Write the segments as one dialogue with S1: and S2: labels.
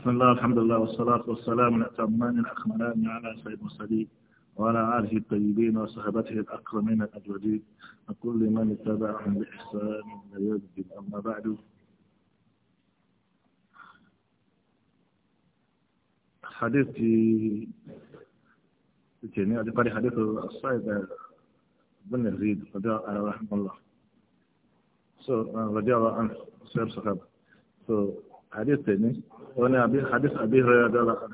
S1: بسم الله الحمد لله والصلاة والسلام الأتمان الأخملان على سيد المرسلين وعلى آله الطيبين وصحبته الأكرمين الأجودين وكل من اتبعهم بإحسان إلى يوم الدين أما بعد حديثي يعني هذا حديث الصائد بن الريد رضي رحمه الله so, رضي الله عنه سير صحابه so, حديث ثاني وانا أبي حديث أبي هريرة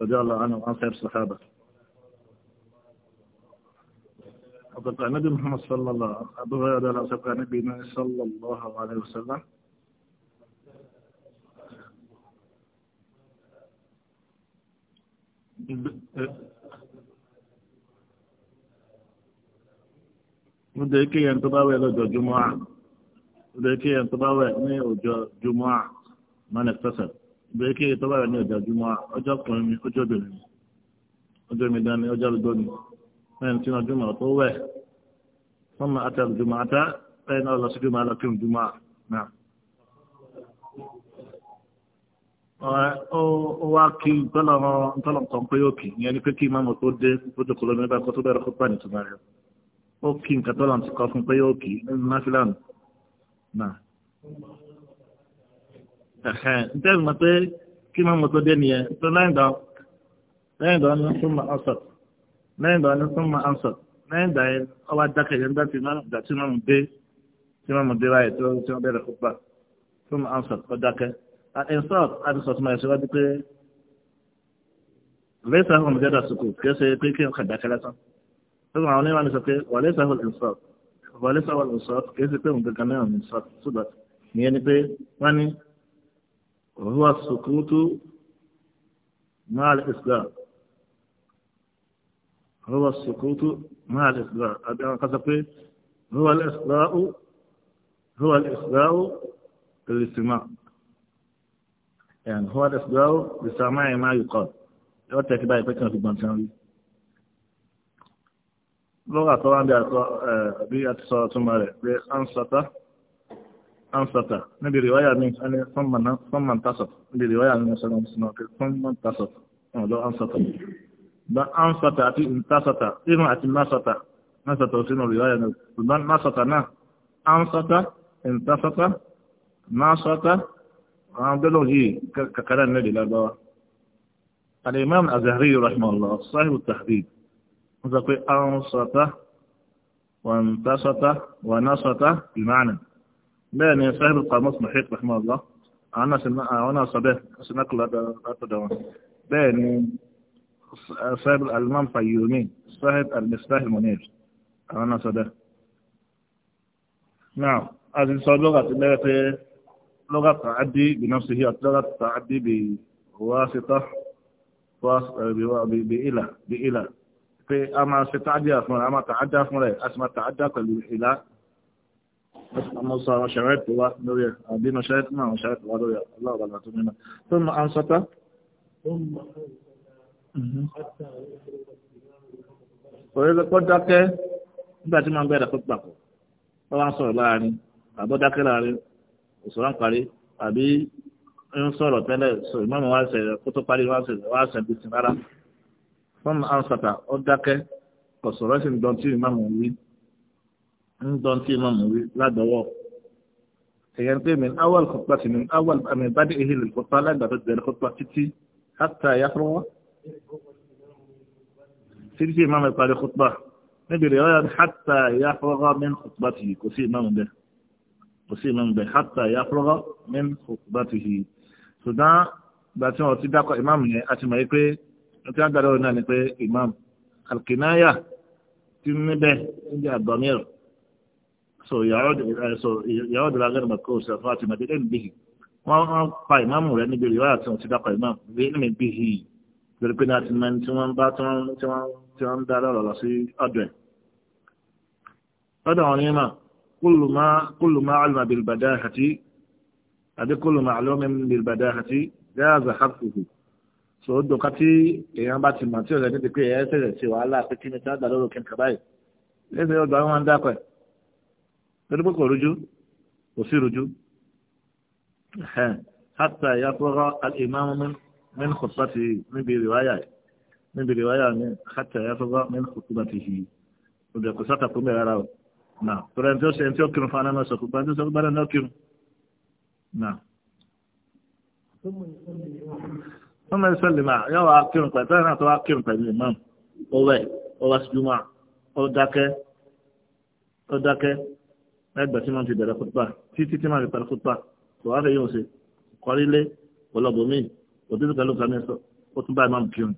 S1: رضي الله عنه وعن خير الصحابة وقد النبي محمد صلى الله عليه وسلم أبو هريرة رضي الله عنه نبينا صلى الله عليه وسلم Mo dé kéèyàn tó bá wẹ̀ lọ́jọ́ Jùmọ́à. Mo dé kéèyàn tó man iktasab ìbéèrè kí ètò báyọ̀ ní ọjà ojúmọ́ ọjọ́ ọkùnrin mi ọjọ́ obìnrin mi ọjọ́ mi dání ọjọ́ àlùgbọ́ mi lẹ́yìn tí wọ́n jùmọ̀ tó wẹ̀ wọ́n máa ta jùmọ̀ ata lẹ́yìn náà lọ sí jùmọ̀ lọ kí n jùmọ̀ náà. ó wá kí ntọ́lọ̀ kan pé ó kì ìyẹn ni pé kí ìmáàmù tó dé tó dé kọlọ́ nígbà kó tó bẹ̀rẹ̀ kó pàdé tó rẹ̀ ó kí nǹkan tọ́lọ̀ ti kọ́ fún pé ó kì náà ntẹ́sí mọ̀ pé kí máa mọ̀ tó dé nìyẹn tó lẹ́yìn dán lẹ́yìn dán ní súnmọ́ ọ̀sọ̀ lẹ́yìn dán ní súnmọ́ ọ̀sọ̀ lẹ́yìn dán yẹn ọba dákẹ́ yẹn dá ti máa tí máa mú dé tí máa mú dé báyìí tó tí wọ́n bẹ̀rẹ̀ kópa súnmọ́ ọ̀sọ̀ ó dákẹ́ insult àti sọ̀tún ẹ̀ṣẹ̀ wájú pé lẹ́sẹ̀ àwọn ọmọdé dà sùkù kí ó ṣe pé kí n kà dákẹ́ lẹ́sàn ni pé wọ́n وهو السكوت مع الإصدار هو السكوت مع الإصدار أنا قصدي هو الإصداء هو الإصداء للاستماع يعني هو الإصداء لسماع ما يقال يوتا كده يفكر في البنسان لغة طبعا بأتصالة مالك بأنصتة أنصت نبي رواية من أن ثم ثم انتصف نبي رواية من صلى الله عليه وسلم ثم انتصف لو أنصت بل أنصت أتي انتصت إما أتي نصت نصت وسين الرواية بل نصت نا أنصت انتصت نصت الله جي ككلام نبي لا بوا الإمام الزهري رحمه الله صاحب التحديد ذكر أنصت وانتصت ونصت بمعنى بين صاحب القاموس محيط رحمه الله أنا سمع أنا صبيه سنقل أتدوان بين صاحب الألمان فيوني صاحب المصباح المنير أنا صبيه نعم هذه اللغة لغة التي لغة تعدي بنفسه لغة تعدي بواسطة بإلى بإلى في أما ستعدي أسماء أما تعدى أسماء أسماء تعدى كل أمصى وشرعت ودوية بين وشرعت ما وشرعت ودوية الله أبدا تمنى ثم أنصت ثم وإذا قد دقى nígbà tí máa ń bẹ̀rẹ̀ fún papọ̀ wọ́n wá ń sọ̀rọ̀ láàrin àbọ̀dákẹ́ láàrin òṣùwọ̀n parí àbí ń sọ̀rọ̀ tẹ́lẹ̀ sọ ìmọ̀mọ̀ wá ṣẹlẹ̀ kó tó parí wá ṣẹlẹ̀ wá ṣẹlẹ̀ bìtì rárá fún ansata ó dákẹ́ kò sọ̀rọ̀ sí ń ń dọ́n tí ìmáàmù wí ládọ́wọ́ èyàn pé min awal kọ́pá sí min awal àmì ìbádé ìhìlì kọ́pá lágbàdo jẹ́rẹ́ kọ́pá títí hátà yàtọ̀wọ́ títí tí ìmáàmù parí kọ́pá níbi rẹ̀ ọ̀yà hátà yàtọ̀wọ́ min kọ́pá tìyí kò sí ìmáàmù bẹ́ẹ̀ kò sí ìmáàmù bẹ́ẹ̀ hátà yàtọ̀wọ́ min kọ́pá tìyí ṣùgbọ́n gbà tí wọ́n ti dákọ̀ ìmáàmù yẹn a mọ̀ pé wọ́n ti á gbàdọ̀ náà ni pé ìmáàmù alkinaya ti níbẹ̀ níbi àgbọ̀míràn so yàrá eh, so gẹ́gẹ́ mọ̀kó ṣe fún àti mọ̀dé lẹ́nu bíhì wọ́n wọ́n pa ìmáàmù rẹ̀ níbi ìwà àti òun ti dápa ìmáàmù bí lẹ́nu bíhì lórí pé náà ti mọ tí wọ́n bá tí wọ́n tí wọ́n ń dá lọ́rọ̀ lọ sí ọ̀dọ̀ ẹ̀. lọ́dọ̀ àwọn onímọ̀ kúlù máa alùmọ̀ bìlbàdá àti àbí kúlù máa alùmọ̀ bìlbàdá àti dáàzà hàfùhù so ó dọ̀ka tí èèyàn bá ti mọ̀ tí ọ̀rẹ́ níbi pé ẹ̀ẹ́sẹ̀rẹ̀ sí wàhálà pé kí ni tí wọ́n dá lọ́rọ̀ kí n kàbáyì lẹ́sẹ̀ ọ̀dọ̀ àwọn dákọ̀ ẹ̀ lórí pé kò rújú kò sí rújú hátà yàtọ̀rọ̀ alìmáàmù min kòtùbàtì níbi ìrìwáyà níbi ìrìwáyà ní hátà yàtọ̀rọ̀ min kòtùbàtì yìí ọjọ́ kò sátà kó mẹ́rẹ̀ ara o náà tọ́rọ ẹni tí ó ṣe ẹni tí ó kírun fún anáma sọ̀kù bá ń tí ó sọ bá náà kírun náà. wọ́n mẹ́rin sọ́lì máa yọ wá kírun pẹ̀lú tẹ́lẹ̀ tó wá kírun pẹ̀lú imam ó wẹ̀ ẹgbẹ̀ tí wọ́n ti bẹ̀rẹ̀ kútbà títí tí wọ́n ti parí kútbà kò wá fẹ́ yóò ṣe kọrílé ọlọ́bùnmí òtítù pẹ̀lú kàmíṣọ ó tún bá imam kíun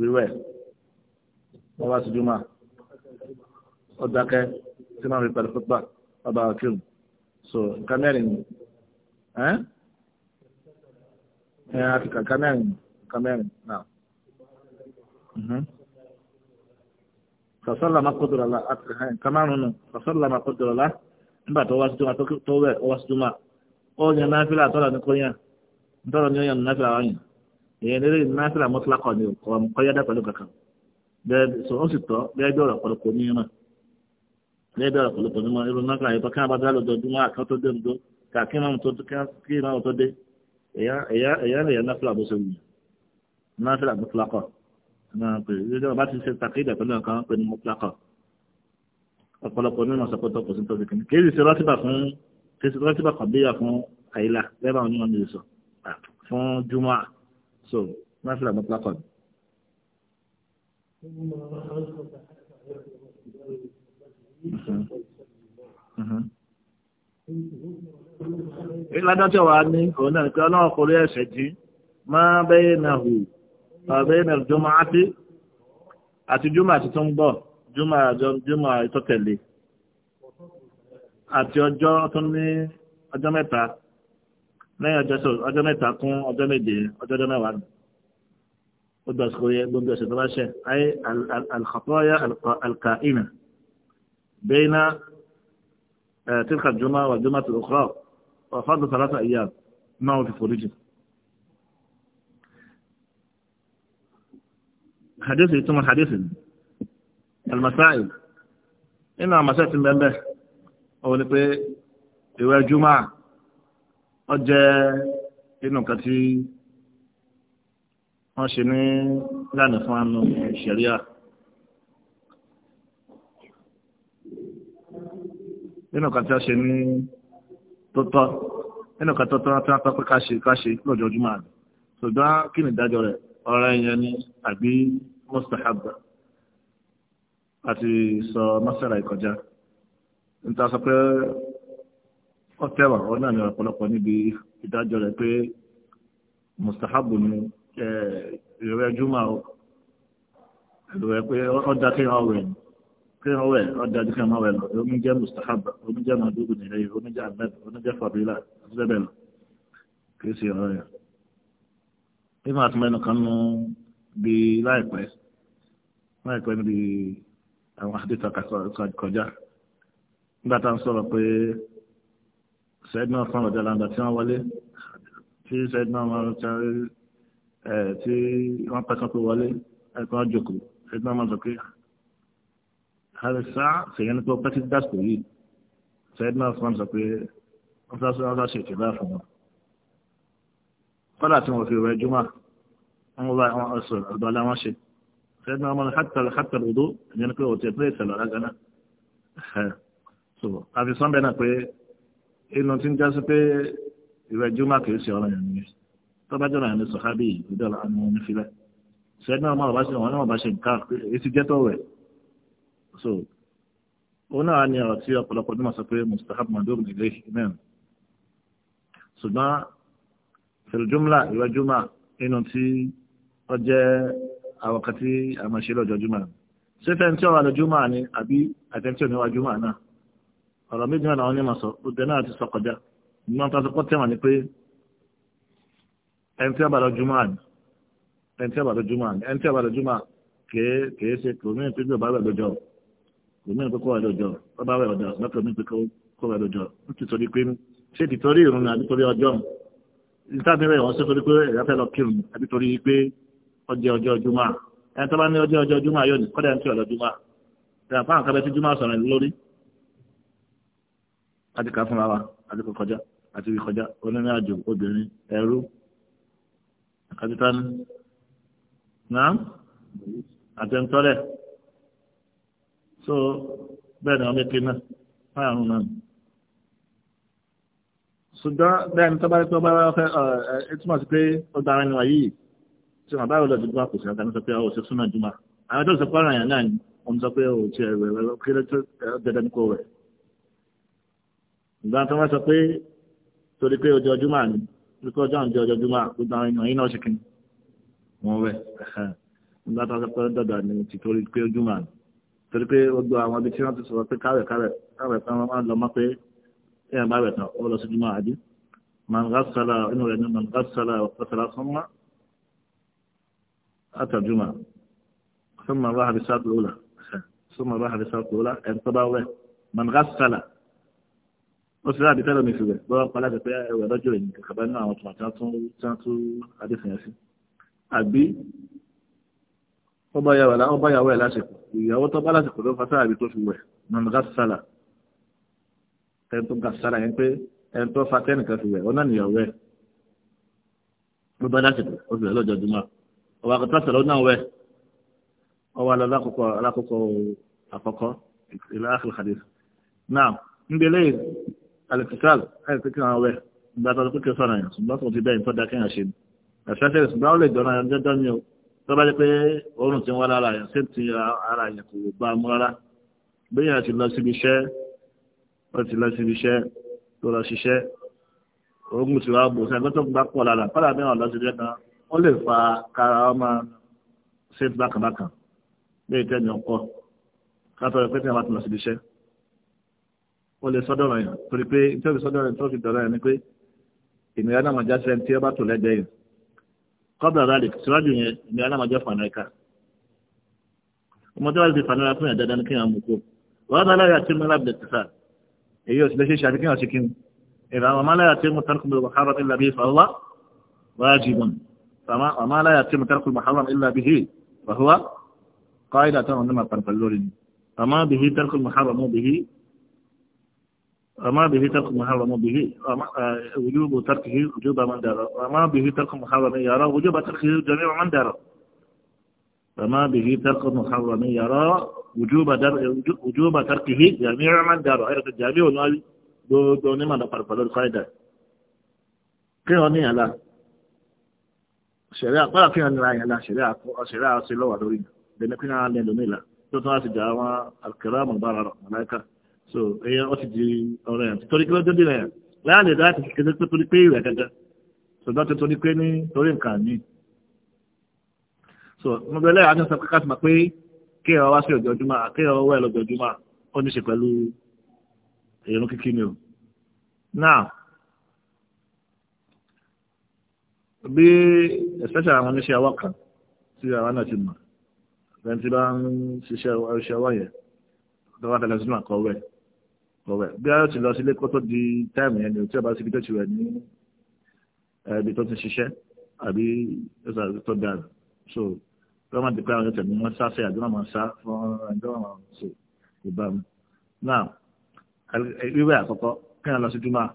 S1: wíwẹ̀ wọ́n wá sí júmọ́ ó dákẹ́ tí wọ́n ti parí kútbà ọba kíun so nǹkan mẹ́rin ni ẹ́ ẹ́ àti kàkà mẹ́rin kàmẹ́rin náà. Mhm. فصلى ما قدر الله كمان انه فصلى ما قدر الله nígbà tó wá sí jọmọ tó wẹ̀ ọwá sí jọmọ ó yan náfìlà tọ́lọ̀ ní kóyàn tọ́lọ̀ ní ó yan náfìlà wáyìn èyàn lérè náfìlà mọ́tòlákọ̀ ni kọ́yádá pẹ̀lú kankan bẹ́ẹ̀ sọ ó sì tọ́ bẹ́ẹ̀ bí ọ̀rọ̀ pọ̀lọpọ̀ ní mọ̀ bẹ́ẹ̀ bí ọ̀rọ̀ pọ̀lọpọ̀ ní mọ̀ irú náfìlà yìí tó kí wọ́n bá dá lójoojúmọ́ àkọ́ tó dé ndo kà kí wọ́n tó kí wọ́n tó dé èyàn lè yan náfìlà bó ṣe wù náfìlà mọ́tòlákọ̀ máa pè é lọ́wọ́ bá ti ṣe takídà pẹ̀lú ọ̀kan pé ní mọ́tàkọ̀ ọ̀pọ̀lọpọ̀ onímọ̀ sọ pé tọkọ̀ sí tọ́jú kìíní kìí ṣe rọ́tíbà fún kìí ṣe rọ́tíbà kan bíyà fún àyílà lẹ́bàá onímọ̀ ní sọ fún júmọ́ so máa fi làmọ́ pàkọ́. ìlànà tí wàá ní òun náà ni pé ọlọ́run kò rí ẹ̀ṣẹ̀ jí máa bẹ́ẹ̀ náà hù فبين الجمعة أتي جمعة تنبو جمعة جمعة تتلي أتي أجو أتني أجمتا نيا جسو أجمتا كون أجمدي أجمدي وان ودس خوية بندس تباشة أي الخطايا الكائنة بين تلك الجمعة والجمعة الأخرى وفضل ثلاثة أيام ما هو في فريجه hadith yìí túmọ̀ hadith yìí almasail Ina àmàṣẹ́ ti bẹ́ẹ̀ ọ̀hún ni pe, ìwẹ̀ juma ọ jẹ́ inú nǹkan tí wọ́n ṣe ní lánàá fún àánú ìṣẹ̀ríà. nínú kan tí a ṣe ní tótọ́ nínú kan tótọ́ tí wọ́n tọ́ pé ká ṣe lọ́jọ́ juma rẹ̀ ṣùgbọ́n kí ni ìdájọ́ rẹ̀ ọ̀rọ̀ ẹ̀yàn ni àbí mustahaba àti sọ masara ìkọjá sọ pé ọ tẹ́wà ó náà ní ọ̀pọ̀lọpọ̀ níbi ìdájọ́ rẹ̀ pé mustahabu ni ìrẹ́ júmọ̀ o ìrẹ́ pé ọjà kéèyàn ọ̀wẹ̀ kéèyàn ọ ọjà kéèyàn máa wẹ̀ lọ omi jẹ́ omi jẹ́ nìyẹn omi jẹ́ omi jẹ́ fàbílà àti bẹ́ẹ̀ bẹ́ẹ̀ lọ pé máa tún mẹ́nu kan nù bí láìpẹ́ láìpẹ́ níbi àwọn àdìtà kọjá nígbà tá à ń sọ̀rọ̀ pé sẹ́dínà fún ọ̀dọ̀ làǹdà tí wọ́n wọlé tí sẹ́dínà máa ń sáré ẹ̀ tí wọ́n pẹ́ sọ́kò wọlé ẹ̀kọ́ jòkó sẹ́dínà máa ń sọ pé àrẹ̀sá sèyẹn ní pé ó pẹ́ sí dásìkò yìí sẹ́dínà fún ọ̀dọ̀ sọ pé wọ́n sá ṣe kọ́lá tí wọ́n fi rẹ̀ jùmọ́ wọn bá wọn sọ ọ̀dọ̀ aláwọ̀ ṣe sẹ́dínà ọmọ hàtà hàtà lòdó ìyẹn pé òtí ẹ̀pẹ́ ìṣẹ̀lọ̀ lágánà so àfi sọ́nbẹ́ náà pé inú ti ń já sí pé ìrẹ̀ jùmọ́ kìí ṣe ọ̀rọ̀ yẹn nìyẹn tó bá jọ̀rọ̀ yẹn ní sọ̀hábì ìdílé àwọn ọmọ onífilẹ̀ sẹ́dínà ọmọ ọba ṣe wọn náà bá ṣe nǹkan etí jẹ́ rẹ̀ so òun náà ni ọ̀rọ̀ tí ọ̀pọ̀lọpọ̀ ní màsà pé mustahab madhub ṣùgbọ́n fìlìjúmùlà ìwájúmà inú tí ó jẹ́ àwọ̀kan tí a máa ṣe lọ́jọ́ júmà ṣé fẹ́ tí ó wà lójúmà ni àbí àtẹ́ntí òní wájúmà náà ọ̀rọ̀ méjì náà làwọn onímọ̀ sọ òde náà ti sọ kọjá ìmọ̀ tó sọ pọ́ tẹ̀wọ̀n ni pé ẹni tí ó bá lójúmà ni ẹni tí ó bá lójúmà ni ẹni tí ó bá lójúmà kèé ṣe kòmíìn pé bá wẹ̀ lójọ́ kòmíìn pé kó wẹ̀ lójọ́ ìtàbílẹ̀ wọ́n sí torí pé ẹ̀yà fẹ́ lọ kírun àbí torí pé ọjọ́ ọjọ́ jùmọ̀ ẹni tó bá ní ọjọ́ ọjọ́ jùmọ̀ yóò ní kọ́dà ní ọjọ́ jùmọ̀ ìyá fáwọn kan bẹ tí jùmọ̀ sọ̀rọ̀ lórí láti ká fúnra wa àti kò kọjá àti wí kọjá onírìn àjò obìnrin ẹrú àkàtúntàní náà àtẹnutọ́lẹ̀ so bẹ́ẹ̀ ni wọ́n mẹ́kẹ́ náà fáwọn náà ṣùgbọ́n bẹ́ẹ̀ ni tọ́ba tó bá fẹ́ ẹ túmọ̀ sí pé ó dára ni wàyí tí wọn bá rọ̀ lọ́dún jùmọ̀ kò sí ọ̀gá ní sọ pé ó ṣe súnà jùmọ̀ àwọn tó ń sọ pé ọ̀ràn yẹn náà ni wọ́n sọ pé ó ti ẹ̀rọ ẹ̀rọ kéré tó dẹ́dẹ́ ní kò rẹ̀. ìgbà tó wá sọ pé torí pé ojú ọjọ́ ni torí pé ọjọ́ àwọn ojú ọjọ́ gbogbo àwọn ènìyàn yìí náà ṣe kí wọ́n rẹ̀ ìgbà tó wá sọ pé dọ̀dọ̀ ni ti torí pé ojú àwọn ibi tí wọ́n ti sọ̀rọ̀ pé káwẹ̀ káwẹ̀ káwẹ̀ pé ẹ̀ máa wẹ̀ tán ó lọ sí jùmọ̀ àdé man ghassala inú rẹ̀ ní man ghassala ọ̀pọ̀tara sọ́mà àtàjùmọ̀ sọ́mà bá hàbí sáà tó lọ́la sọ́mà bá hàbí sáà tó lọ́la ẹ̀ tó bá wẹ̀ man ghassala ó sì ráàbí tẹ́lẹ̀ mi fi wẹ̀ bọ́ pa láti pé ẹ̀wẹ̀ lọ́jọ́ ìní kàkàbá nínú àwọn tòmátì tán tún adéfìyàn sí àbí ó yàwó ẹ̀ lásìkò ìyàwó tó bá lásìkò ló fa sáà ẹni tó ga sára yẹn pé ẹni tó fa tẹ́nìkan fi wẹ̀ ọ̀nà nìyàwó ẹ̀ ló bá dásìkò ó fi wẹ̀ lọ́jọ́ jùmọ̀ ọ̀wà kò tọ́sọ̀ lọ́nà wẹ̀ ọwọ́ alọ́ lákòókò alákòókò àkọ́kọ́ ìlà àkìlì hadith náà ń bẹ̀lẹ̀ alẹ́kìtàl àìsíkì àwọn wẹ̀ ìgbà tó kékeré sọ̀rọ̀ yẹn ṣùgbọ́n tó ti bẹ́ẹ̀ tó dá kéèyàn ṣe ẹ̀fẹ́fẹ́ wọ́n ti lọ síbi iṣẹ́ tó lọ ṣiṣẹ́ oògùn tí wàá bò sí ẹgbẹ́ tó gbà pọ̀ lára kọ́lá bí wọ́n lọ síbi ẹ̀ka wọ́n lè fa kára ọmọ ṣe bákàbákàn bẹ́ẹ̀ tẹ́ ní ọkọ látọ̀ pé tí wọ́n bá ti lọ síbi iṣẹ́ wọ́n lè sọ́dọ̀ rẹ̀ torí pé tí sọ́dọ̀ rẹ̀ tó fi dọ̀rọ̀ rẹ̀ ni pé ènìyàn náà máa já sẹ́ni tí wọ́n bá tò lẹ́gbẹ̀ẹ́ yìí kọ́bìlà rálì síwájú yẹn ènìyàn náà máa jẹ́ fànàríkà ọmọdé wa ti fànàríkà fún yàn dandan kí yàn mú kó wọ́n bá láyà tí tẹ̀sán اذا وما لا يتم ترك المحرم الا به فالله واجب وما لا يتم ترك المحرم الا به فهو قاعدة عندما تنفلور فما به ترك المحرم به وما به ترك المحرم به وجوب تركه وجوب من دار وما به ترك المحرم يرى وجوب تركه جميع من دار فما به ترك المحرم يرى وجوب در... وجوب تركه جميع من دار غير الجامع والمال دون ما نفر فلو القاعدة قيوني على شريعة قرأ فيها نرعي على شريعة شريعة سلوة دورين لأن كنا عالين لنيلا تطلع سجاوة الكرام البررة ملايكة so هي أتجي أوريان تقولي كلا جدي لا لا لذلك كذلك تقولي كيوة كذا so ده تقولي كيني تقولي كاني so gbogbo ẹlẹ́yà ní sọ pé káàtì mọ̀ pé kí ẹ wá sí ọjọ́júmọ́ kí ẹ wá lọ́jọ́júmọ́ ó ní ṣe pẹ̀lú èrò kíkí ni o now bí especially àwọn oníṣẹ́ ọwọ́ kan tí àwọn náà ti mọ̀ ẹni tí bá ń ṣiṣẹ́ iṣẹ́ ọwọ́ yẹn lọ́wọ́ tẹ̀lé sínú àkọ́wẹ́ kọ̀wẹ́ bí a ti lọ sílé kó tó di táìmù yẹn ni o tí a bá síbi tó ti rẹ̀ ní ẹbí tó ti ṣiṣẹ́ àbí ẹ̀sà tó dára so wọ́n máa dìpẹ́ àwọn ọ̀sẹ̀ ni wọ́n sá sí àdúrà máa sá fún ẹjọ́ àwọn ṣe ìbámu. náà wíwẹ̀ àkọ́kọ́ kí wọ́n lọ sí júmọ́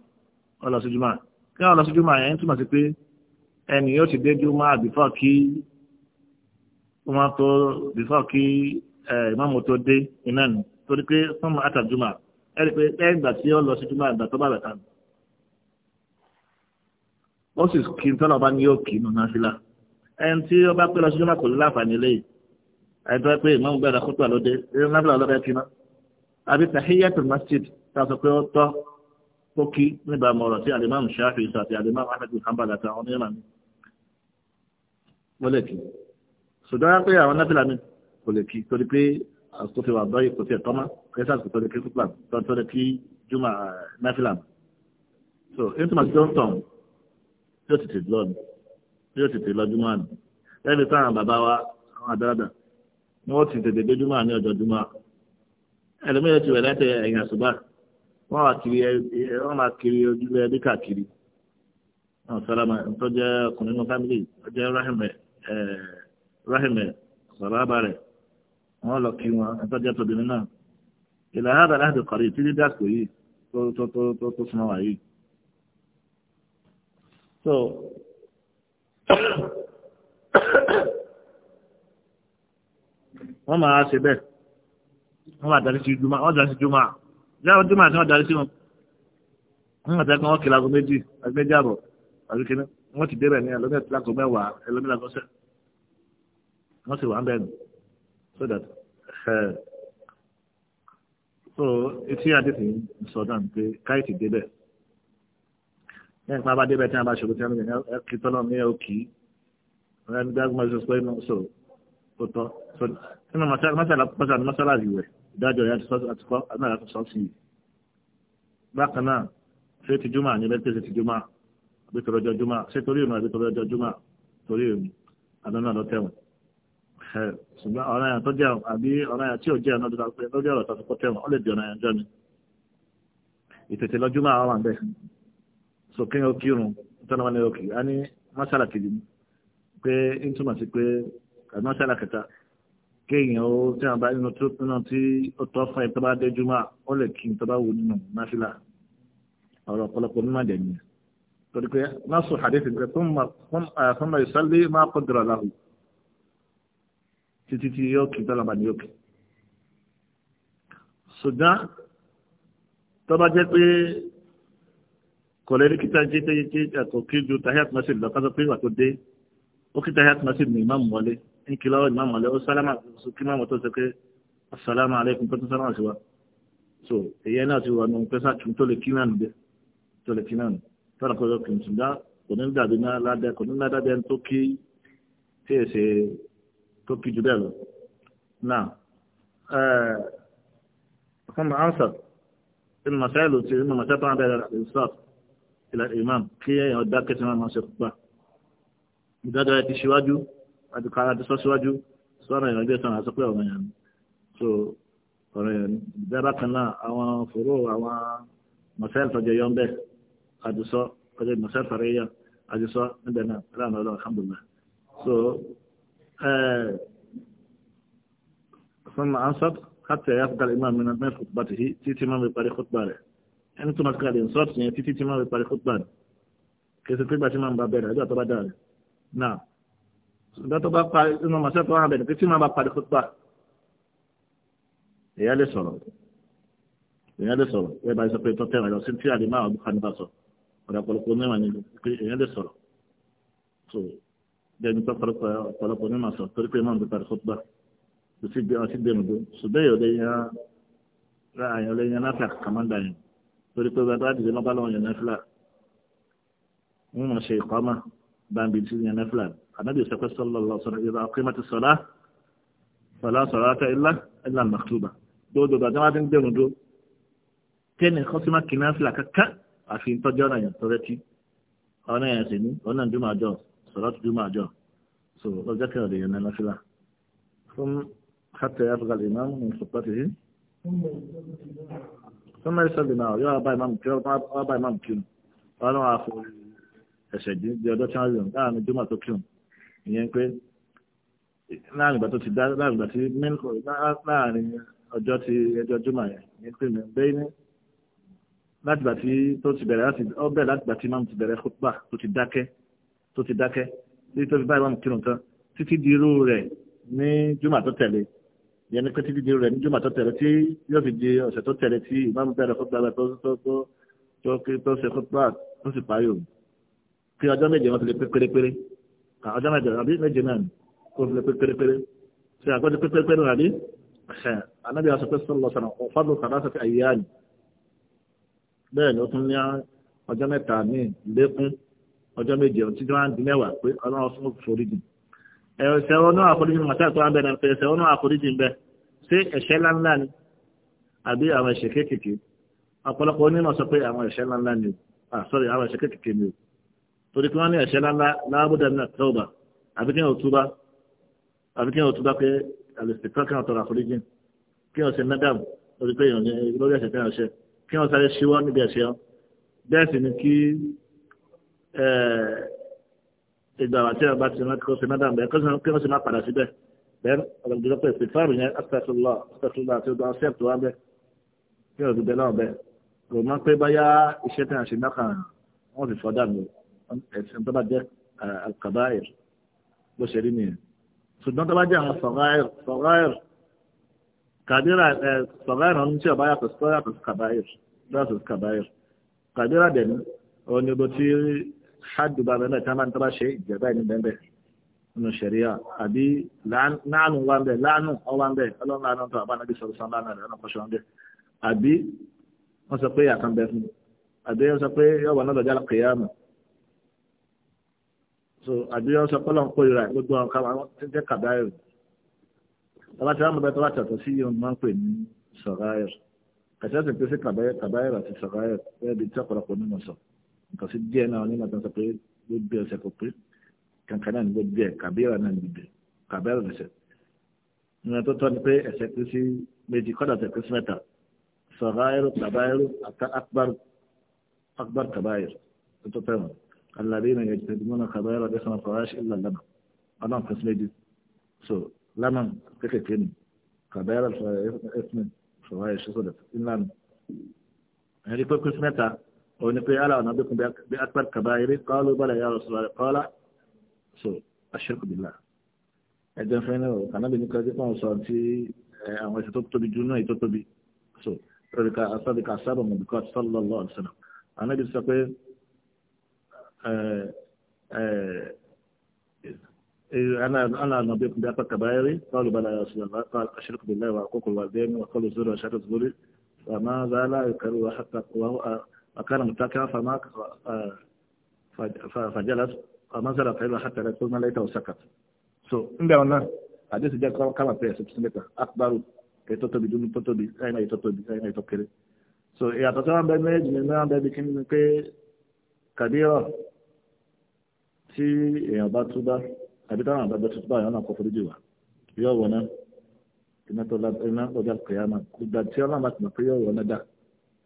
S1: ọ lọ sí júmọ́ kí wọ́n lọ sí júmọ́ yẹn túmọ̀ sí pé ẹnì yóò ti dé júmọ́ before kí wọ́n tó before kí ìmáàmù tó dé iná nù torí pé fún àtàjúmọ́ ẹ rí i pé lẹ́yìn ìgbà tí ó lọ sí júmọ́ ìgbà tó bá bẹ̀ tán ó kí n tọ́lọ̀ bá ní yóò kí nù náà fílà ẹni tí ó bá pé lọ sí jọmọ kò ní láǹfààní lẹ́yìn àìtọ́ pé ìmọ̀mù gbàdá kó tó àlódé eré náà lọ́dọ̀ ẹ kíná àbí tahiyatul masjid tá a sọ pé ó tọ́ ó kí nígbà mọ̀rọ̀ tí alimami Shafi'i àti alimami Ahmad bin Hanbal àti àwọn onímọ̀ mi wọ́n lè kí ṣùgbọ́n pé àwọn náfìlà mi kò lè kí torí pé àsìkò fi wà bọ́yì kò tiẹ̀ tọ́mọ́ kẹsà àsìkò tó lè kí kúkúlà tó lè kí jùmọ̀ náfìlà so ètò màsí tó bí ó tètè lọ́júmọ́ àná táwọn bàbá wa àwọn àdáradà ni wọ́n ti tètè dójúmọ́ àní ọjọ́ ẹlòmíràn ti wẹ̀ lẹ́tẹ̀ ẹ̀yìn àṣùbà wọ́n kiri wọ́n máa kiri ojúlé ẹbí káàkiri náà sálámà tó jẹ́ ọkùnrin nínú fámìlì eh, wọ́n lọ kí wọn jẹ́ tóbi ìlà hàdà láti kọ̀rí títí yìí tó tó tó tó wọ́n máa ṣe bẹ́ẹ̀ wọ́n máa darí sí juma wọ́n darí sí juma yàrá juma tí wọ́n darí sí wọn wọ́n máa tẹ́kọ̀ wọ́n kìlá ago méjì àti méjì àbọ̀ àti kìíní wọ́n ti débẹ̀ ní ẹlòmíì àti lágò mẹ́wàá ẹlòmíì lágò sẹ́ wọ́n sì wà ń bẹ́ẹ̀ nù so that uh, so etí adé ti sọ̀dọ̀ nù pé káyì ti débẹ̀ lẹ́yìn pé abáde bẹ́ẹ̀ tí wọ́n bá ṣòro tí wọ́n ní kí tọ́lọ́ ní ẹ̀ òkì ọ̀rẹ́ ní gbàgbọ́ ṣe sọ inú sọ tó tọ́ so nínú mọ́sálà mọ́sálàsì rẹ̀ ìdájọ́ yẹn ti sọ àti kọ́ náà ti sọ sí i bákan náà ṣé ti júmọ̀ àyẹ̀bẹ́ lẹ́yìn tẹ̀sí ti júmọ̀ àbí tọrọ ọjọ́ júmọ̀ ṣé torí ìrìn àbí tọrọ ọjọ́ júmọ̀ torí ìrìn àdánù àlọ́tẹ̀wọ̀n ṣùgbọ́n ọ̀rọ̀ so kí ni ó kírun tọ́nà wọn ni ó kì á ní mọ́sálà kejì pé ń túmọ̀ sí pé mọ́sálà kẹta kéèyàn ó tí wọn bá nínú tó nínú tí ó tọ́ fún ẹ tó bá dé júmọ́ ó lè kí tó bá wù nínú náfìlà ọ̀rọ̀ ọ̀pọ̀lọpọ̀ mímọ̀ dẹ̀ nìyẹn torí pé má sọ hadith nǹkan fún ma ìsálé má kọ́ dìrọ̀ láhùn títí tí yóò kí tọ́lá bá ní yóò ṣùgbọ́n tó bá jẹ́ pé kọ̀lẹ́ ní kíta jẹ́ tẹ́yẹ́ tẹ́ àtọ̀ kí ju tahiyat masjid lọ kátó pé wà tó dé ó kí tahiyat masjid ní ìmáàmù wọlé ń kí lọ́wọ́ ìmáàmù wọlé ó sálámà sọ kí máàmù tó ṣe pé assalamu alaikum tó tún sálámà sí wa so èyí náà ti wà nù pẹ́sà tún tó lè kí náà nù dé tó lè kí náà nù tọ́lá kọjọ kì í dá kò ní dàbí náà ládẹ kò ní ládẹ bẹ́ẹ̀ tó kí tí è tó kí ju bẹ́ẹ̀ lọ náà ẹ̀ẹ́d ilẹ̀ imam kí èèyàn dá kẹsàn án máa ṣe púpà ìdájọ́ ẹ ti ṣíwájú àti kára ti sọ síwájú sọ́nà ìrìn àjẹsàn àti pé ọ̀rọ̀ yẹn so ọ̀rọ̀ yẹn ìdára kan náà àwọn fòró àwọn mọ̀sẹ́lì tọ́jú yọ̀ ń bẹ̀ àti sọ ọjọ́ mọ̀sẹ́lì tọ́jú yọ̀ àti sọ níbẹ̀ náà láàrín ọlọ́run alhamdulillah so ثم أنصت حتى يفقى الإمام من خطبته تيتي من بطريق خطبه ẹni tó máa kalẹ̀ ṣọ́ọ̀tì yẹn títí tí máa fi parí kópa kẹsì pé gbàtí máa ń ba bẹ̀rẹ̀ àdúrà tó bá dà rẹ̀ náà ṣùgbọ́n tó bá parí inú màṣẹ́ tó wà bẹ̀rẹ̀ pé tí máa bá parí kópa èyí á lè sọ̀rọ̀ èyí á lè sọ̀rọ̀ ẹ bá sọ pé tó tẹ̀rẹ̀ lọ sí tí àlè máa ọdún kan bá sọ ọ̀dà pọ̀lọpọ̀ onímọ̀ ni pé èyí á lè sọ̀rọ̀ tó jẹ́ni tó pọ̀lọpọ̀ onímọ̀ sọ torí pé máa ń parí kópa kò sí gbé ọtí gbé mi dó ṣùgbọ́n èyí ò lè yan láàyàn lè yan láti àkàkàmọ́ dà yẹn torí pé bàtà àdìsẹ́ bàbá yẹn nẹ́fìlà wọ́n mọ̀ tí yẹn nẹ́fìlà ànábì sọ́kẹ́ sọ́lọ́lọ́ sọ́rọ́ ìlà ọ̀kẹ́mẹ́tì sọ́lá sọ́lá sọ́lá ká ilá ilá màkúbà dóòdò bàtà wá ti ń dẹ̀rùn dó kẹ́ni kọ́símà kì nẹ́fìlà kankan àfi ń tọ́jú ọ̀nà yẹn tọ́rẹ́tì ọ̀nà yẹn sì ní ọ̀nà ìdúmọ̀ àjọ sọ̀rọ̀ ti n derun do keni kosima ki nefila kankan afi n ona yen àjọ so lọ́jọ́ kẹ́rọ̀ حتى يبلغ الإمام من خطته sọmọdé sọdọ náà yóò wá bá ìmáàmù kí wọ́n bá ìmáàmù kí wọn wọn wá fún ẹsẹ̀ dín di ọjọ́ tí wọ́n lò láàrin jọ́mọ̀ tó kí wọn ìyẹn pé láàrin ìgbà tó ti dá láàrin ìgbà tí mílíkù láàrin ọjọ́ ti ẹjọ́ jọ́mọ̀ yẹn ní pé mi bẹ́ẹ̀ ní láti ìgbà tí tó ti bẹ̀rẹ̀ láti ọ bẹ̀rẹ̀ láti ìgbà tí ìmáàmù ti bẹ̀rẹ̀ kópa tó ti dákẹ́ tó ti dákẹ́ ní tó fi bá ìmáàmù kí wọn tán títí di irú rẹ̀ ní jọ́mọ̀ tó tẹ̀lé ìyẹn ni pé títí di rẹ̀ ní jùmọ̀ tó tẹ̀lé tí yóò fi di ọ̀sẹ̀ tó tẹ̀lé tí ìmáàmù bẹ̀rẹ̀ fún gbàgbà tó tó tó tó ṣe fún gbà tó sì parí òun kí ọjọ́ méje wọn fi lè pé pérépéré ọjọ́ méje àbí méje náà ni kó fi lè pé pérépéré ṣe àgbọ̀dọ̀ pé pérépéré rà ní ṣẹ̀ anábì aṣọ pé sọ́lọ́ sọ̀rọ̀ ọ̀fọ́dù sàdásọ̀ fi àyè àyè bẹ́ẹ̀ ni ó tún ní ọjọ́ mẹ́ta ní lékún ọjọ́ méje ọtí tí wọ́n á di ẹ̀ṣẹ̀ ọ̀nà àforíjì màtí àtọ́ àbẹ̀ náà ẹ̀ṣẹ̀ ọ̀nà àforíjì ń bẹ ṣé ẹ̀ṣẹ̀ ńláńlá ni àbí àwọn ẹ̀ṣẹ̀ kéékèèké ọ̀pọ̀lọpọ̀ onímọ̀ sọ pé àwọn ẹ̀ṣẹ̀ ńláńlá ni o ah, sorry àwọn ẹ̀ṣẹ̀ kéékèèké ni o torí pé wọ́n ní ẹ̀ṣẹ̀ ńláńlá lábúdà ní àtọ́ọ̀bà àbí kí wọ́n túbá àbí kí wọ́n túbá pé àlèsìtọ́ kí wọ́n tọrọ àforíjì kí wọ́n ṣe nádàm lórí pé èèyàn lórí ìgbà àti àbá ti rán kọ́sí náà dàmbẹ́ kí wọ́n sì máa padà síbẹ̀ bẹ́ẹ̀ ọ̀rọ̀ ìjọba pé ìfáàrù yẹn astagfirullah astagfirullah àti ọdún ọ̀sẹ̀ tó wá bẹ́ẹ̀ kí wọ́n dùbẹ̀ náà bẹ́ẹ̀ kò mọ̀ pé báyá iṣẹ́ tí a ṣe náà kàn wọ́n ti fọ́dà mi ẹ̀sìn tó bá jẹ́ al-kaba'ir bó ṣe rí nìyẹn ṣùgbọ́n tó bá jẹ́ àwọn sọ̀gáìr sọ̀gáìr kàbírà ẹ̀ sọ̀gáìr ọ̀hún tí ọba hajj bàbá náà táwọn tó bá ṣe ìjẹ̀bá ẹni bẹ́ẹ̀ bẹ́ẹ̀ nínú ṣẹ̀ríà àbí láàánú wà ń bẹ̀ láàánú ọwà ń bẹ̀ ọlọ́run láàánú tó àbánabi sọ̀rọ̀ sàn láàánú rẹ̀ ọ̀nà kọ́ṣọ́ ń bẹ̀ àbí wọ́n sọ pé àkàn bẹ̀ fún àbí wọ́n sọ pé yọ̀wọ̀ náà lọ́jà kìyàmù so àbí wọ́n sọ pé ọlọ́run kó ìrà gbogbo àwọn káwọn tí ń jẹ́ kàbáyọ̀ tọ́ba tí wọ́n mú bẹ́ tọ́ba tàtọ̀ sí yóò máa ń pè ní sọ̀ráyọ̀ kàtẹ́sì pé sí kàbáyọ̀ àti sọ̀ráyọ̀ bẹ́ẹ̀ bí tí ọ̀pọ̀lọpọ̀ nínú sọ̀rọ̀ nǹkan sí díẹ̀ náà nígbà tó ń sọ pé gbogbo ẹsẹ̀ kò pé kankan náà ní gbogbo ẹ̀ kàbíyàrá náà níbi kàbíyàrá ẹsẹ̀ ìrìn tó tọ́ ni pé ẹsẹ̀ pín sí méjì kọ́dà tẹ̀ pín sí mẹ́ta sọ̀gáyẹ̀rù kàbáyẹ̀rù àti akbar kàbáyẹ̀rù tó tó fẹ́ràn alábí ní ẹ̀jẹ̀ tẹ̀lé mọ́nà kàbáyẹ̀rù ọ̀dẹ́sán afọwáṣẹ́ ìlà lánà ọlọ́run pín sí méjì so lánà kékèké ni kàbáyẹ̀rù ẹ̀fún fọwáṣẹ́ sọ̀dọ̀ ìlànà ونقول على نبيكم بأكبر كبائر قالوا بلى يا رسول الله قال سو الشرك بالله إذن náà kànáàbì ní kọjú pọ̀ sọ tí àwọn ẹ̀sẹ̀ tó tóbi jù náà tó tóbi so rẹ̀ríkà asábìkà sábà mọ̀ bí kọ́ọ̀tù أنا أنا نبيكم بأكبر كبائر قالوا بلى يا رسول الله قال أشرك بالله وأقول الوالدين وأقول الزر وشهادة الزور وما زال يكره حتى قواه وكان متكئا فما فجلس فما زال قليلا حتى لا يكون ليته وسكت so ń bẹ̀rù náà àdéhùn jẹ́ káwà pé ẹ̀sìn tuntun mẹ́ta akbaru èyí tó tóbi dúnú tó tóbi ẹ̀yìn èyí tó tóbi ẹ̀yìn èyí tó kéré so ìyàtọ̀ tí wọ́n bẹ méjì ní náà bẹ́ẹ̀ bí kí ni pé kàdírọ̀ tí èèyàn bá túbá àbí táwọn àbábẹ́ tuntun báyọ̀ náà kọ́ foríjì wá yóò wọ̀ náà iná tó iná lọ́jà kìyàmà ìgbà tí ọlọ́run bá ti mọ̀ pé yóò wọ̀ náà dà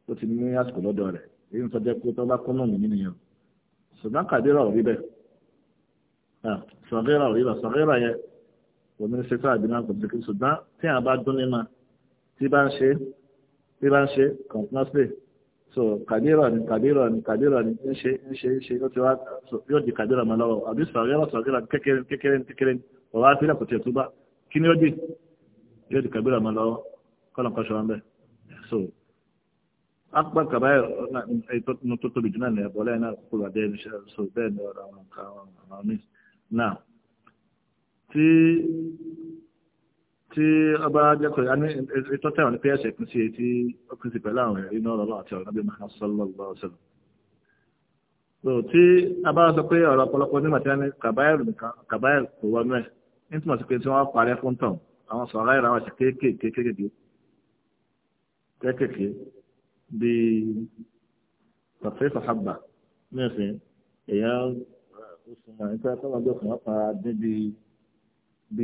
S1: ó ti ní àsìkò lọ́dọ̀ rẹ̀ èyí ń tọ́jú pé tọ́ba kọ́ náà nìyí nìyẹn ṣùgbọ́n kàdírà ò rí bẹ́ẹ̀ sọ̀rẹ́rà ò rí bẹ́ẹ̀ sọ̀rẹ́rà yẹ omi ń ṣe tó àbí náà kò sí kí ṣùgbọ́n tí àwọn bá dún nínú tí bá ń ṣe tí bá ń ṣe kọ̀ǹtínọ́sì so kàdírà ni kàdírà ni kàdírà ni ń ṣe ń ṣe ń ṣe ó ti wá yóò di kàdírà mọ́ lọ́wọ́ àbí sọ̀rẹ́rà sọ̀rẹ́rà kékeré kékeré kékeré ọ̀rọ̀ àfihàn kò tiẹ̀ tó bá di yóò di kàdírà mọ́ lọ́wọ́ kọ́lọ̀ kọ́ṣọ́ wọn so akpa kaba ẹ̀tọ́ tó tóbi jù náà ní ẹ̀bọ̀ lẹ́yìn náà kó lọ dé ẹ̀ṣẹ́ so bẹ́ẹ̀ ni ọ̀rọ̀ àwọn nǹkan àwọn àwọn míì náà tí tí ọba jẹ́kọ̀ọ́ yá ní ẹ̀tọ́ tẹ̀wọ̀n ní pẹ́ẹ́sì ẹ̀kún sí i tí ó kún sí pẹ̀lú àwọn ẹ̀rí náà lọ́wọ́ àti ọ̀rọ̀ náà sallallahu alaihi wasallam so tí a bá sọ pé ọ̀rọ̀ ọ̀pọ̀lọpọ̀ nígbà tí wọ́n ní kàbáyẹ̀rù nìkan kàbáyẹ̀rù kò wọnú ẹ̀ nítumọ̀ sí pé tí wọ́n parẹ́ fún tàn àwọn sọ̀rọ̀ ayẹ̀rọ àwọn ṣe kéékèèké kéékèèké kéékèèké بتصحيح حبة نفسي هي اسمها انت طبعا دوك مقطع ب ب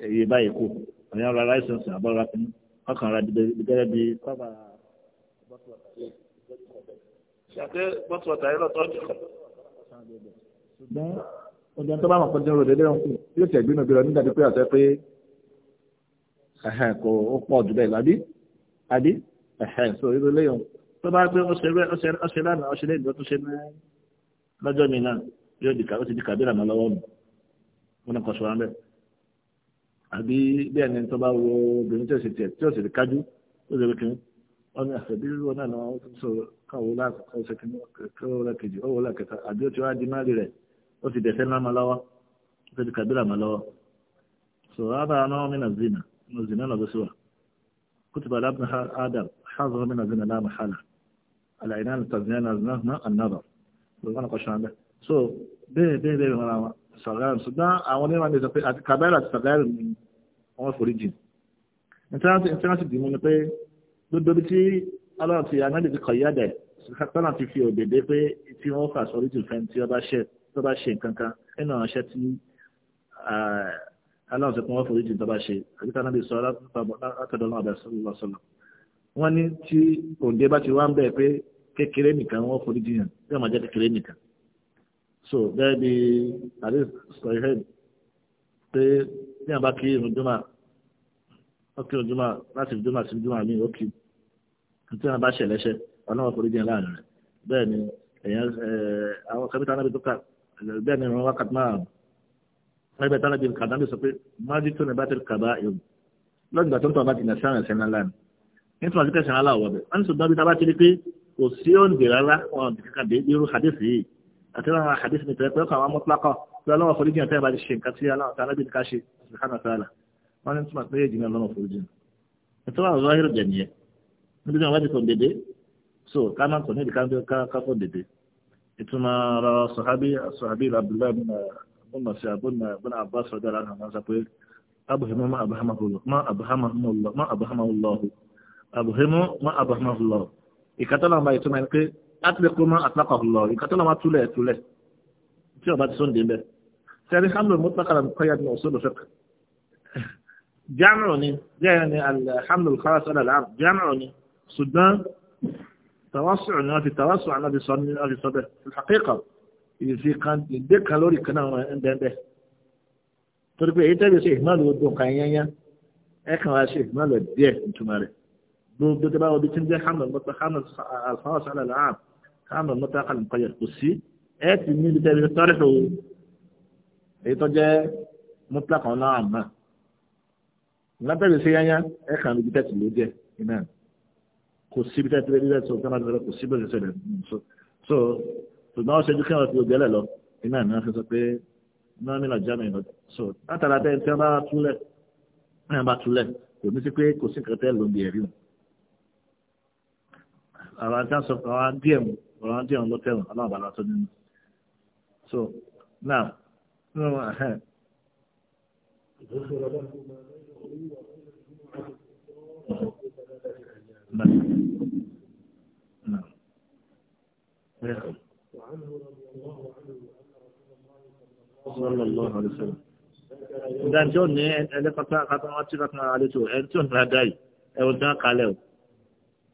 S1: يبايكو ẹ̀yàn ra láìsẹ̀nsì àbọ̀ra kan ọkàn ra gẹ́gẹ́ bí sábà bọ́tù ọ̀tà yìí lọ́tọ́ ọjọ́ ṣùgbọ́n ọjọ́ tó bá mọ̀ kọjá rò dédé ọ̀hún yóò tẹ̀ gbínú bírọ̀ nígbà tó pé àtẹ pé kò ó pọ̀ jù bẹ́ẹ̀ lábí àbí ẹ̀hẹ́n so irú léyìn tó bá pé ọṣẹ lánàá ọṣẹ lẹ́yìn tó ṣe lọ́jọ́ mi náà yóò di ó ti di kàbírà náà lọ́wọ́ mi wọn náà kọ́ sọ wọn bẹ́ẹ̀ àbí bí ẹni tó bá wo obìnrin tí ó sì tiẹ̀ tí ó sì kájú ó sì rí kiri wọn ni àṣẹbí rírọ náà náà wọn sọ káwọ láàkọ́ ṣe kí ó rẹ kejì ó wọ lẹ́kẹta àbí ó ti wá di máàlì rẹ̀ ó ti dẹ̀sẹ̀ ńlá máa lọ́wọ́ ó ti di kàbírà máa lọ́wọ́ so ábà náà mí nà zina nà náà lọ Adam حاضر من الزنا لا محالة العينان التزنيان لازمهما النظر lọ́nà kọ̀ṣọ́ abẹ́ so bẹ́ẹ̀ bẹ́ẹ̀ bẹ́ẹ̀ wọn àwọn sàgáàrùn ṣùgbọ́n àwọn onímọ̀ ní sọ pé àti kàbáyà àti sàgáàrùn ni wọ́n forí jìn ìtẹ́rántì dìímú ni pé gbogbo ibi tí ọlọ́run ti anáde ti kọ̀yí àdẹ̀ tọ́nà ti fi òdèdè pé tí wọ́n fà sọ oríjì fẹ́ tí ó bá ṣe nǹkan kan nínú ọ̀ṣẹ́ tí ọlọ́run ti pọ́n wọ́n forí jìn tó bá ṣe àti tọ́nà bí sọ látọ̀dọ̀ náà bẹ̀ sọ́lọ́ wọ́n ní tí òǹdè bá ti wá ń bẹ̀ pé kékeré nìkan wọ́n forí jiyàn tí wọ́n máa jẹ́ kékeré nìkan so bẹ́ẹ̀ bí àdé sọ ihe pé bí wọ́n bá kí irun jùmọ̀ ó kí irun jùmọ̀ láti fi jùmọ̀ sí jùmọ̀ mi ó kí tí wọ́n bá ṣẹlẹ́ṣẹ́ ọlọ́wọ́ forí jiyàn láàrin rẹ̀ bẹ́ẹ̀ ni èèyàn àwọn kẹ́mítà náà bí tó kà bẹ́ẹ̀ ni ìrànwọ́ wákàtí márùn-ún ẹgbẹ́ tánàbí kàdánù sọ pé májú tó ní bá ti kàbá ìrù lọ́gbà tó ń tọ́ bá ti nà sáà ẹ̀sẹ̀ ńlá láàrin nítorí àti tẹ̀sán aláwọ̀ bẹ̀ wọ́n ní sọ̀dọ́ bí tábà ti rí pé kò sí òǹdè rárá wọn ti kíkà dé irú hadith yìí àti wọn hadith mi tẹ̀lé pẹ̀lú àwọn mọ́tlákọ̀ tí wọn lọ́wọ́ foríjì àti ẹ̀bá ti ṣe nǹkan tí aláwọ̀ tí alábìnrin ká ṣe subhanahu wa ta'ala wọ́n ní túmọ̀ pé èjì náà lọ́wọ́ foríjì nítorí àwọn zahir jẹ̀ nìyẹn níbi tí wọn bá ti sọ dédé so ká máa sọ níbi ká sọ dédé ìtumọ̀ rọ sọ̀hábí sọ̀hábí abdullahi bin abbas rọ̀dọ̀ àbùhémú mọ́ àbùhémú lọ ìkàtọ́lọ́ ọba ìtumọ̀ ẹni pé àtìlẹ́kọ́ mọ́ àtìlẹ́kọ̀ lọ ìkàtọ́lọ́ ọba túlẹ̀ túlẹ̀ tí ọba ti sóńdè ń bẹ sẹ́ni hamlin mutlaqan kọ́yà ní usul fiqh jámọ̀ ni jẹ́yẹn ni alhamdul khalas alal'am jámọ̀ ni ṣùgbọ́n tawassu ni wọ́n fi tawassu àná fi sọ ní wọ́n fi sọ bẹ́ẹ̀ al-haqiqa ìfi kan ìdé kan lórí kan náà ń bẹ́ẹ̀ bẹ́ẹ̀ torí pé èyí tẹ́lẹ̀ ṣe ìmọ̀lù odò kan yẹnyẹn ẹ̀ kàn wá ṣe ìmọ̀lù díẹ̀ ìtumọ̀ rẹ̀ gbogbo tó bá wọ́n bí tí ń jẹ́ hamlin mọ́tà hamlin alfawọ́ sọ́lá làám hamlin mọ́tà hamlin kọyọ̀ kò sí ẹ ti ní ibi tẹ́lẹ̀ tọ́rẹ́ tó èyí tó jẹ́ mọ́tà kan náà àmà látẹ̀lẹ̀ sí yányá ẹ kàn ibi tẹ́tì ló jẹ́ iná kò sí ibi tẹ́tì lórí tẹ́tì tó náà kò sí ibi tẹ́tì lórí so so ṣùgbọ́n ó ṣe ju kí wọ́n fi ògbẹ́lẹ̀ lọ iná ni wọ́n fi sọ pé náà nílò so látara tẹ́tì tí wọ́n bá túlẹ̀ wọ́n bá túlẹ̀ kò ní sí pé kò sí àwọn ajá àwọn díẹ̀ ọ̀rọ̀ díẹ̀ mú ló aláàbàlá tó nínú so now nínú ẹ̀hẹ́. صلى الله عليه وسلم ìdájọ́ ní ẹlẹ́kọ̀ọ́ta tí wọ́n ti máa lè tó ẹni tí ò ní adá yìí ẹ̀wọ̀n dán kalẹ̀ o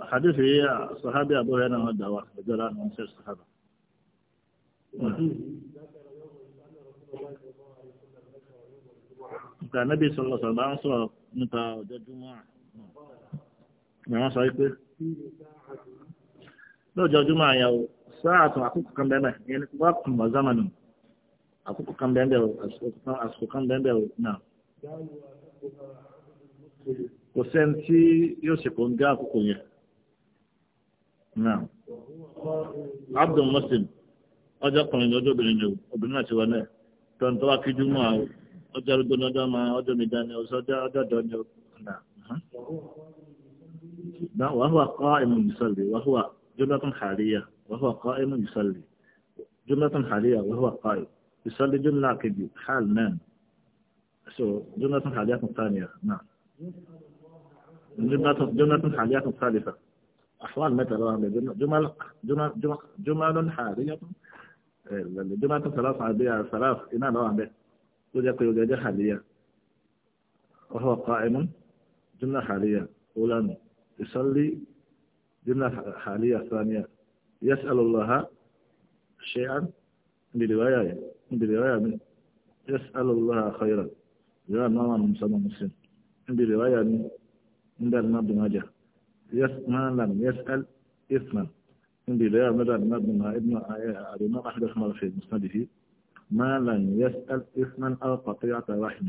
S1: حديث هي صحابي أبو هريرة ودى واحد رجل عنه من سير الصحابة كان النبي صلى الله عليه وسلم أنصر نتا وجه الجمعة ما صحيح lọ́jọ́ júmọ́ àyàwó sáàtù àkókò kan bẹ́ẹ̀ bẹ́ẹ̀ yẹn wá kùn wá zámanù àkókò kan bẹ́ẹ̀ bẹ́ẹ̀ o àsìkò kan bẹ́ẹ̀ bẹ́ẹ̀ o náà kò sẹ́ni tí yóò ṣe kò ń gá àkókò yẹn. Abdul Muslim ọjọ́ ọkùnrin lọ́jọ́ obìnrin lò obìnrin náà ti wọlé tọ́ni tó wá kí júmọ́ àwọn ọjọ́ arúgbó náà dáná ọjọ́ mi dání ọjọ́ ọjọ́ ọjọ́ ni ọ̀nà. وهو قائم يصلي وهو جملة حالية وهو قائم يصلي جملة حالية وهو قائم يصلي جملة كبيرة حال نام so جملة حالية ثانية نعم جملة حالية ثالثة أحوال متى جمل جمل جمل جمل حالية إيه، جملة ثلاث عادية ثلاث إنا نوع به يوجد يوجد حالية وهو قائم جملة حالية أولا يصلي جملة حالية ثانية يسأل الله شيئا برواية برواية من يسأل الله خيرا يا نعم مسلم مسلم برواية من عند الإمام ابن ماجه ما لم يسأل إثما عند مدى الإمام ابن الإمام أحمد رحمه الله في مسنده ما لم يسأل إثما أو قطيعة رحم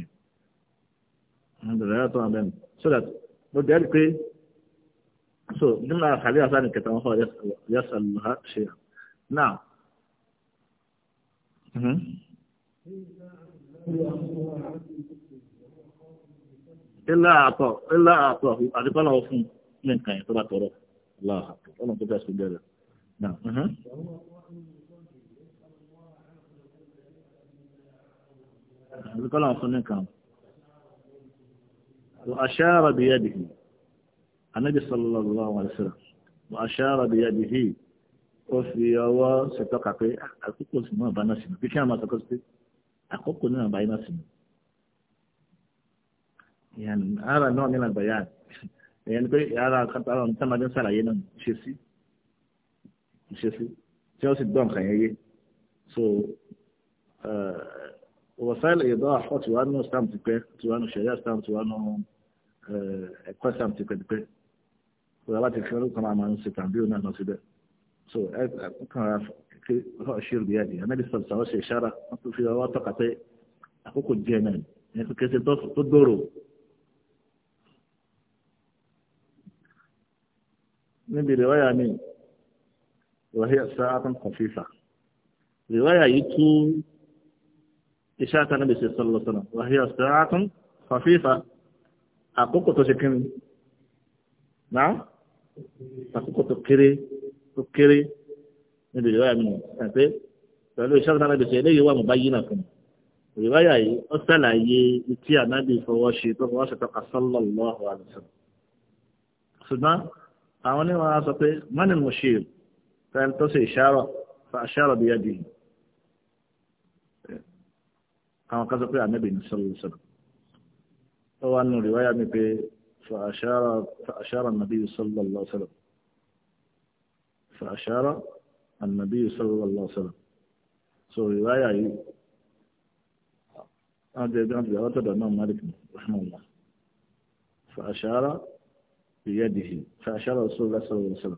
S1: عند رواية عن سلط وذلك سو جملة حالية ثانية كتاب هو يسأل يسألها شيئا نعم ilá àtọ̀ ilá àtọ̀ àdìpọ́lá ọ̀fun ní nǹkan yẹn tó bá tọrọ láàpọ̀ ọ̀nà tó bá sùn bẹ̀rẹ̀ náà. àdìpọ́lá ọ̀fun ní nǹkan. وأشار بيده النبي صلى الله عليه وسلم وأشار بيده وفي يوا ستقع في أكوكو سنة بنا سنة في كما تقصد أكوكو سنة بنا سنة يعني هذا نوع من البيان يعني كل هذا خط هذا متم بعدين صار عينا شيسي شيسي شيسي الدوم خيالي سو وسائل الإيضاح وتوانو ستام تكوي توانو شريعة ستام توانو ẹ̀kọ́ sam ti pẹ̀lú wọ́n láti fi ọdún kan àmà ń ṣe tàbí òun náà síbẹ̀ so ẹ kàn án kí ọ ṣe rèé àdìyẹ anábì sọ̀rọ̀ sọ̀rọ̀ ṣe ìṣára wọ́n tún fi ọwọ́ tọ́ka pé àkókò díẹ̀ náà ní kékeré tó gbòòrò níbi rìwáyà mi wàhíyà sáátán kọfífà rìwáyà yìí tú iṣẹ́ kan níbi ṣe sọ́lọ́ sọ́nà wàhíyà sáátán kọfífà àkókò tó ṣe kínní náà àkókò tó kéré tó kéré níbi rìwáyà mi ẹ̀ pé pẹ̀lú iṣẹ́ kan níbi ṣe eléyìí wà mú bá yí náà fún mi ìwáyà yìí ó sàlàyé tí ànábì fọwọ́ ṣe tó fọwọ́ ṣe tọ́ka sallallahu أنا أولي واسطي من المشير فالتصي إشارة فأشار بيده أنا قصد قيام النبي صلى الله عليه وسلم هو أنه رواية مبي فأشار, فأشار النبي صلى الله عليه وسلم فأشار النبي صلى الله عليه وسلم سو رواية هذا يبقى أنت أنا بأمام مالك رحمه الله فأشار بيده فأشار رسول الله صلى الله عليه وسلم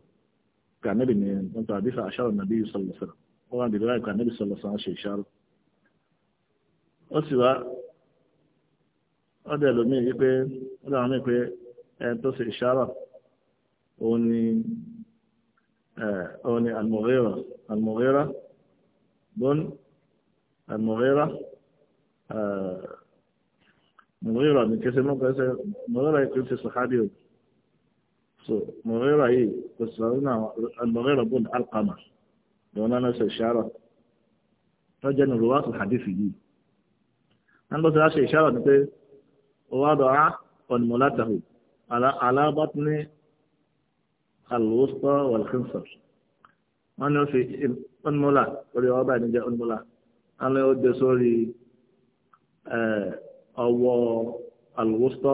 S1: كان النبي أنت عبي فأشار النبي صلى الله عليه وسلم وعند رواية كان النبي صلى الله عليه وسلم إشارة وسوى ọdẹ lomi yìí pé ó dáwọn mí pé ẹni tó ṣe ìṣàrà òun ni òun ni almorera almorera bọ́n almorera morera ni kẹsẹ̀ mọ́ kẹsẹ̀ morera yìí kò ṣe sọ̀hádìí òkú so mọ̀rẹ́rà yìí kò sọ̀rọ̀ náà mọ̀rẹ́rà bùn alqama lọ́wọ́ náà ṣe ìṣàrọ̀ tó jẹ́ nùrù wá sùn hadithi yìí wọ́n bọ́ sí wá ṣe ìṣàrọ̀ ni pé wọ́n dọ̀ á ọ̀nìmọ̀látàhù alábàtúni alwusta walkhinsar wọ́n ní ó fi ọ̀nìmọ̀lá orí ọba ẹni jẹ́ ọ̀nìmọ̀lá wọ́n ní ó dé sórí eh, ọwọ́ alwusta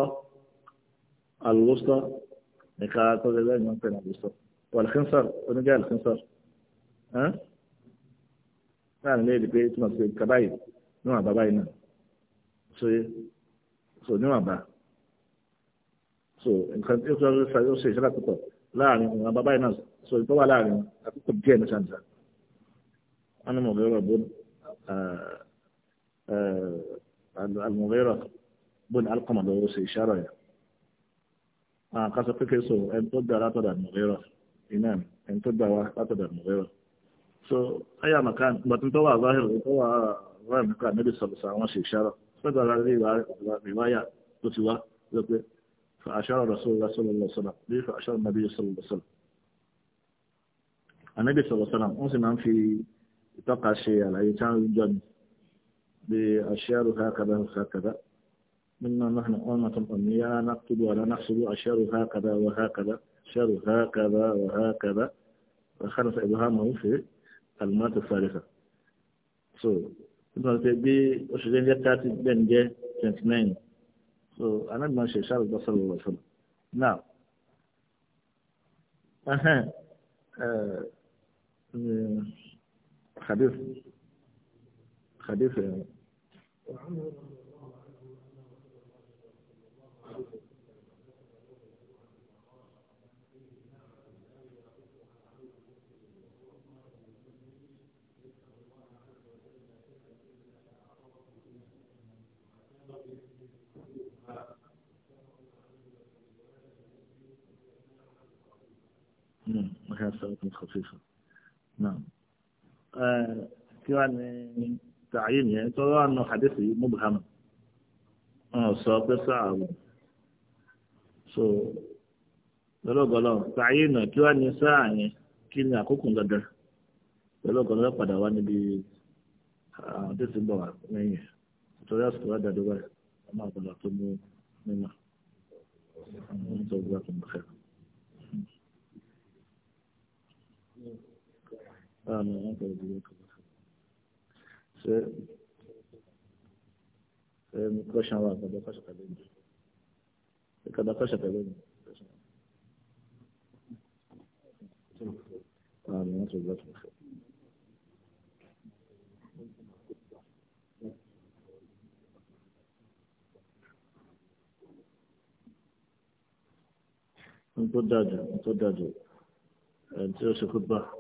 S1: alwusta نكاكو ذا ذا ينفن على يسر والخنصر وانا جاء الخنصر ها فعلا ليه دي بيت ما سيد كباي نوع باباينا نعم. سوي سو نوع إيه؟ با سو ان كان يقول سوي سوي سوي سوي لا يعني نوع باباينا سوي طبعا لا يعني اكو بجينا سانسا انا مغيرة بون ااا آه، آه، المغيرة بون القمة دوروسي اشارة يعني àkásọ pé so ẹni tó gbà látọ̀dà mọ̀lẹ́rọ̀ iná ẹni tó gbà wá látọ̀dà mọ̀lẹ́rọ̀ so ayé àmàkàn bàtún tó wà záhìrì tó wà ráì nípa níbi sọ̀rọ̀sọ̀ àwọn ṣe ìṣàrọ̀ fẹ́gbàrà rí ìwáyà tó ti wá lọ́pẹ́ فأشار رسول الله صلى الله عليه وسلم ليه nabi sallallahu alaihi wasallam. عليه وسلم النبي صلى الله عليه وسلم أنسي من في تقع الشيء على يتعامل جن بأشيار هكذا وهكذا مما نحن أمة أمية لا نكتب ولا نحسب الشر هكذا وهكذا الشر هكذا وهكذا وخلص إبهامه في المات الثالثة so ibùdó pé bí oṣù tó ń jẹ́ thirty bẹ́ẹ̀ ń jẹ́ twenty nine so anábìmọ̀ ṣe ṣáà lọ́sọ̀ lọ́sọ̀ now ẹ̀hẹ́n hadith hadith. نعم وهي صلاة خفيفة نعم كيوان تعيين يعني ترى أنه حديثي مبهم
S2: اه صلاة
S1: ساعة so pẹ̀lú ọ̀gọ́lọ́ tààyè náà kí wá ní sáà yẹn kí ni àkókò dandan pẹ̀lú ọ̀gọ́lọ́ padà wá níbi àwọn tó ti bọ̀ wá lẹ́yìn ìtọ́jú àsìkò wá dàdúrà ẹ̀ máa padà tó mú mímọ́ àwọn tó gbà tó ń bọ̀ fẹ́ràn. Amin. Allah jazakallahu khair. So, um, question was about the question again. Because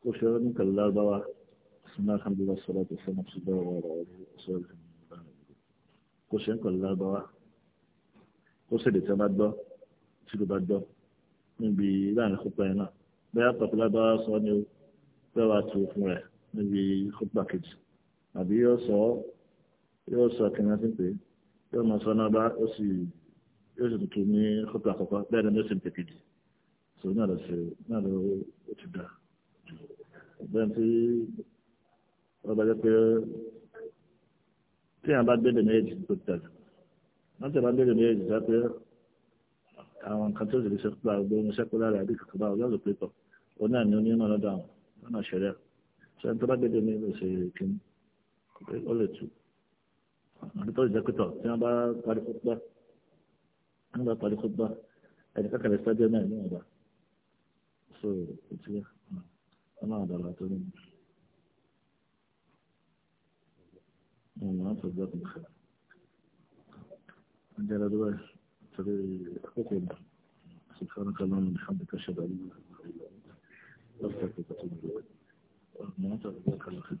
S1: kó ṣe ní kàlẹ́ lárúbáwá sinmi alhamdulilah sọlá tó fẹ́ nàbṣẹ́ bẹ́ẹ̀ wà rà ọ́dún sọlá tó fẹ́ kó ṣe ní kàlẹ́ lárúbáwá kó ṣe lè tẹ́ bá gbọ́ tí ló bá gbọ́ níbi láàrin kópa yẹn náà bẹ́ẹ̀ pàtó lárúbáwá sọ ni ó fẹ́ wá tu fún rẹ̀ níbi kópa kejì àbí yóò sọ yóò sọ kìnìún sí pé yóò mọ sọ náà bá ó sì yóò sì tuntun ní kópa àkọ́kọ́ bẹ́ẹ̀ ni ó sì ń pèkejì so náà lọ sí náà lọ ó ti dà ọgbẹ́ tí wọ́n bá jẹ́ pé tí àwọn bá gbẹ́dẹ̀ méjì tó ti dàjù wọ́n ti bá gbẹ́dẹ̀ méjì sá pé àwọn nǹkan tó ti sẹ́kù lára gbé omi sẹ́kù lára àbí kàkàbá ọjọ́ àti pépọ̀ ó náà ní onímọ̀ lọ́dọ̀ àwọn lọ́nà ṣẹlẹ̀ sẹ́ni tó bá gbẹ́dẹ̀ méjì ṣe kíní ó lè tù àti tó ti jẹ́ pẹ́tọ̀ tí wọ́n bá so kò tí mm. ọlọ́run dọ̀la tó ní. Ọmọ àti ọjọ́ kan fẹ́. Ọjọ́ ìdádúrà torí àkókò ìgbà. سبحانك اللهم وبحمدك اشهد ان لا اله الا انت استغفرك واتوب اليك.